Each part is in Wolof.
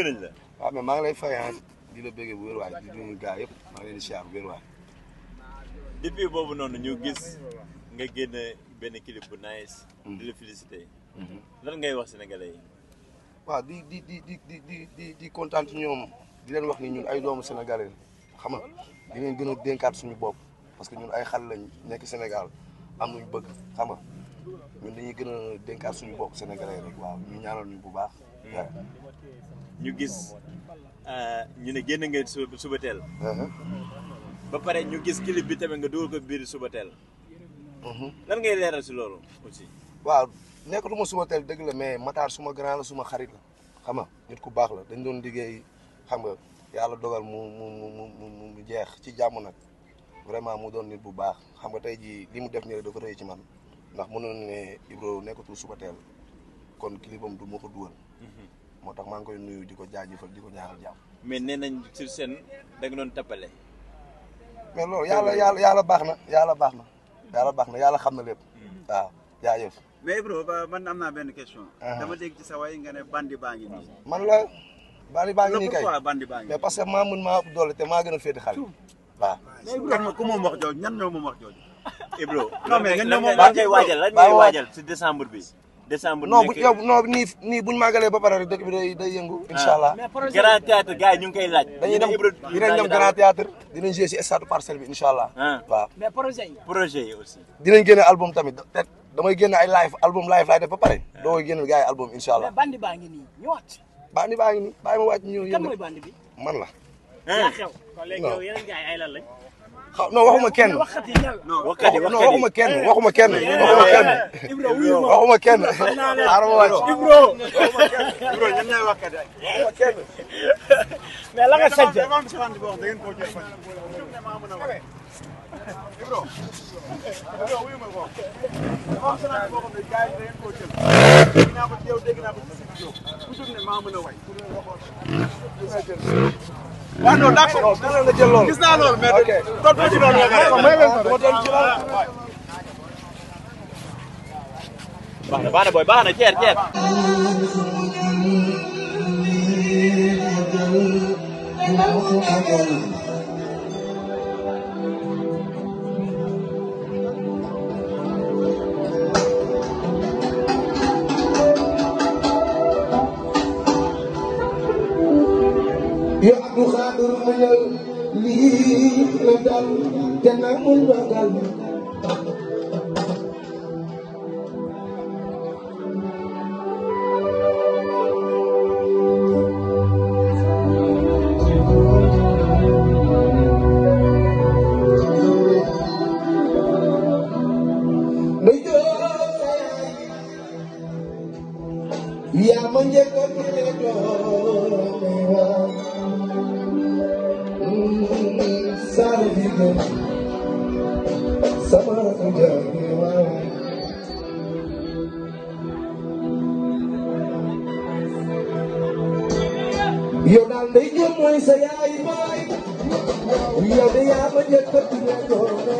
bëgg nañ la. waaw maa ngi lay fay ah, di la bëggee bu wér waay di nuyu gaa yëpp maa ngi leen di siyaar depuis boobu noonu ñu gis nga génn benn clip bu nice. Mm. di la félicité. Mm-hmm. lan ngay wax sénégalais yi. waaw di di di di di di di kontaan ci ñoom di leen wax ni ñun ay doomu sénégalais xam nga di leen gën a dénkaat suñu bopp parce que ñun ay xal lañ nekk Sénégal am nañu bëgg xam nga ñun dañuy gën a dénkaat suñu bopp sénégalais rek waaw ñu ñaanal bu baax. Mm. ñu gis euh, ñu ne génn ngeen suba suba teel. Uh-huh. ba pare ñu gis clip bi tamit nga dugal ko biir suba teel. Uh-huh. lan ngay leeral si loolu aussi. waaw nekkatuma suba teel dëgg la mais Matar suma grand la suma xarit la xam nga nit ku baax la dañ doon liggéey xam nga yàlla dogal mu mu mu mu mu jeex ci jàmm nag vraiment mu doon nit bu baax xam nga tey jii li mu def nii rek dafa rëy ci man ndax mënoon ne Ibro nekkatul suba teel kon clipam du ma ko dugal. Mhm. moo tax maa ngi koy nuyu di ko jaajëfal di ko ñaanal jàmm. mais nee nañ sur scène da nga doon tappale. mais loolu yàlla yàlla yàlla baax na yàlla baax na yàlla baax na yàlla xam na lépp. Hmm. waaw jaajëf. mais Ibro man am naa benn question. Uh-huh. dama dégg ci nga ne bandi ngi man la bandi baa ngi nii kay mais parce que maa mun maa doole te maa gën a féete xale. waaw mais Ibro kan ku moom wax jooju ñan ñoo moom wax jooju. Ibro eh non mais ngeen ne moom wax jooju lan ngay waajal lan ngay waajal si décembre bi. décembre non bu yow non nii nii buñ màggalee ba pare rek dëkk bi day day yëngu ah. incha allah grand théâtre gars yi at ngi koy laaj dañuy dem dinañ dem grand dinañ jouer si stade bi incha allah ah. waaw album tamit te damay génne ay live album live laay def ba pare ah. doo koy génne gars yi album incha allah bandi baa ngi nii ñëwaat bandi baa ngi nii bàyyi ma wàcc ñëw kan mooy bandi la xaw non waxuma kenn. non waxuma kenn waxuma kenn waxuma kenn. waxuma kenn eh, eh, eh. xaaral ma wàcc. waxuma kenn. mais la nga sànq. Ibro. waaw naa booy baax na ceer lii la dal te na muy ragal yow daal day jëm mooy sa yaay baay yow de yaa ma njëkk a tuddee doome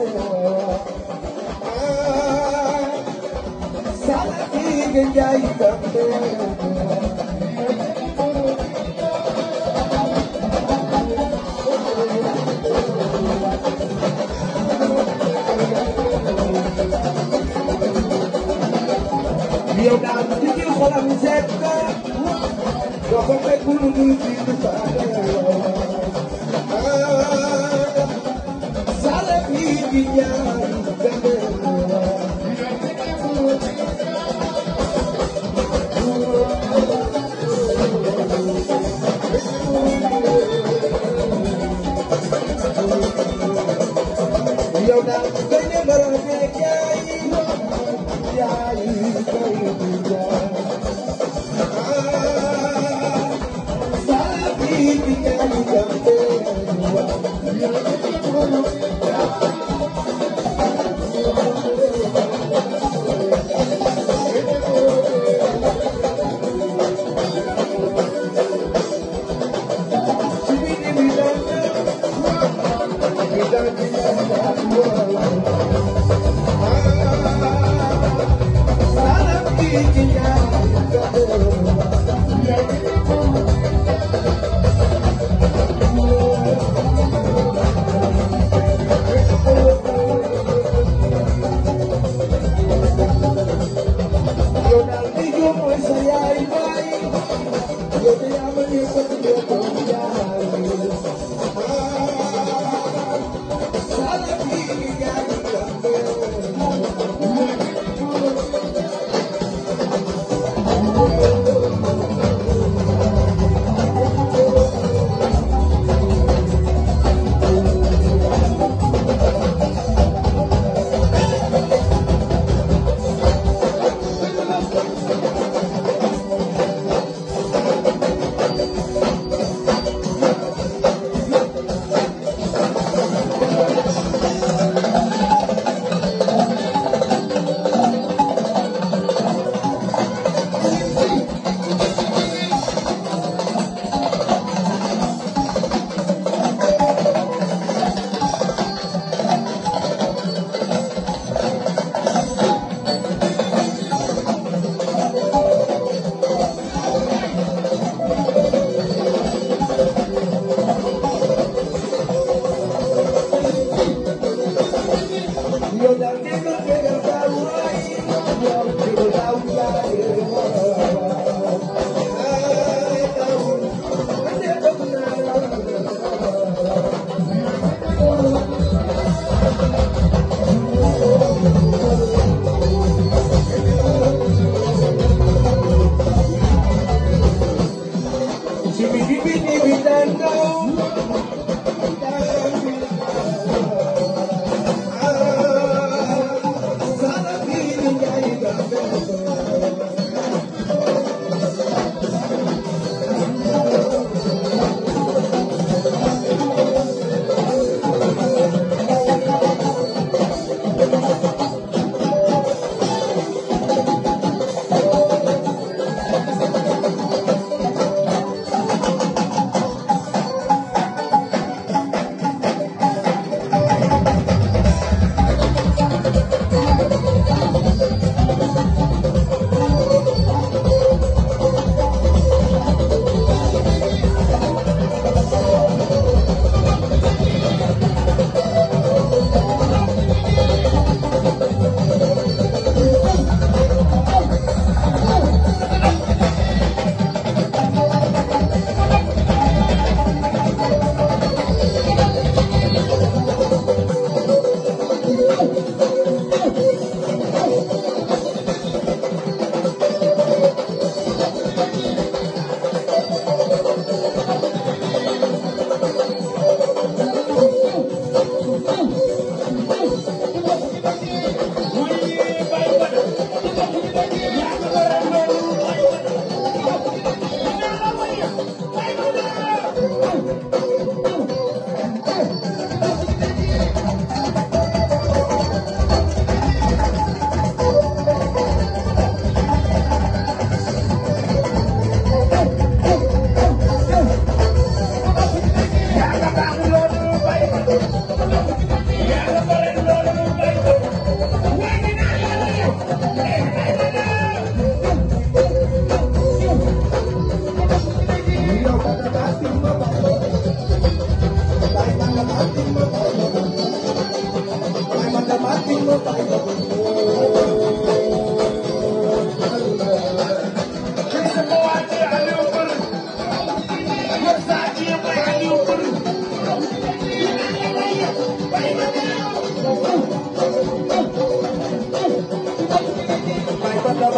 sala kii nga jaay tambe yow daal di xolam seet Nobody could do this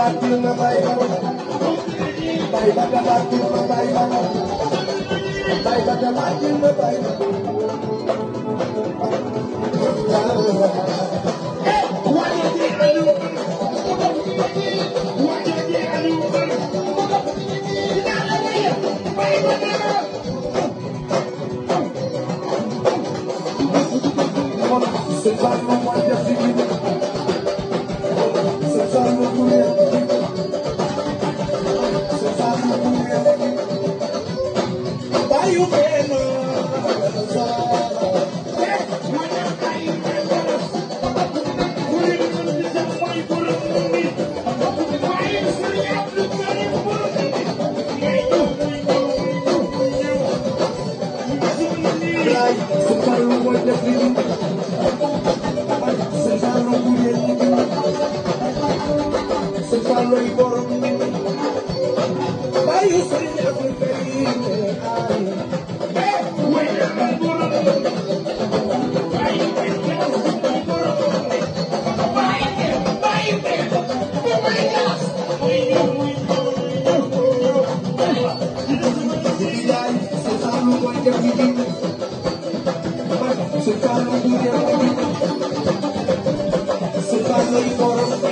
batir ma bay baga bay baga batir ma bay baga bay baga batir ma bay baga Sultano, Sultano, Sultano, Sultano,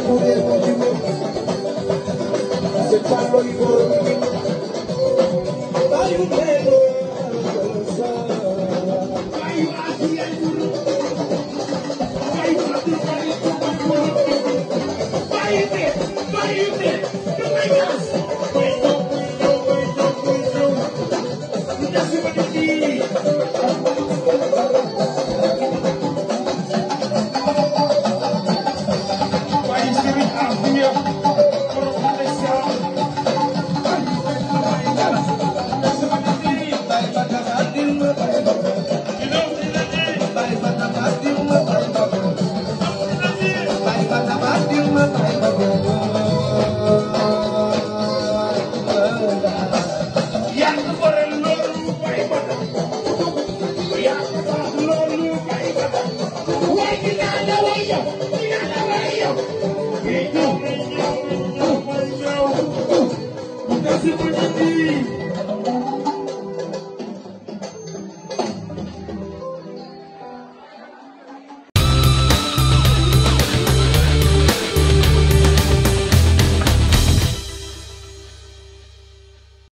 Thank you.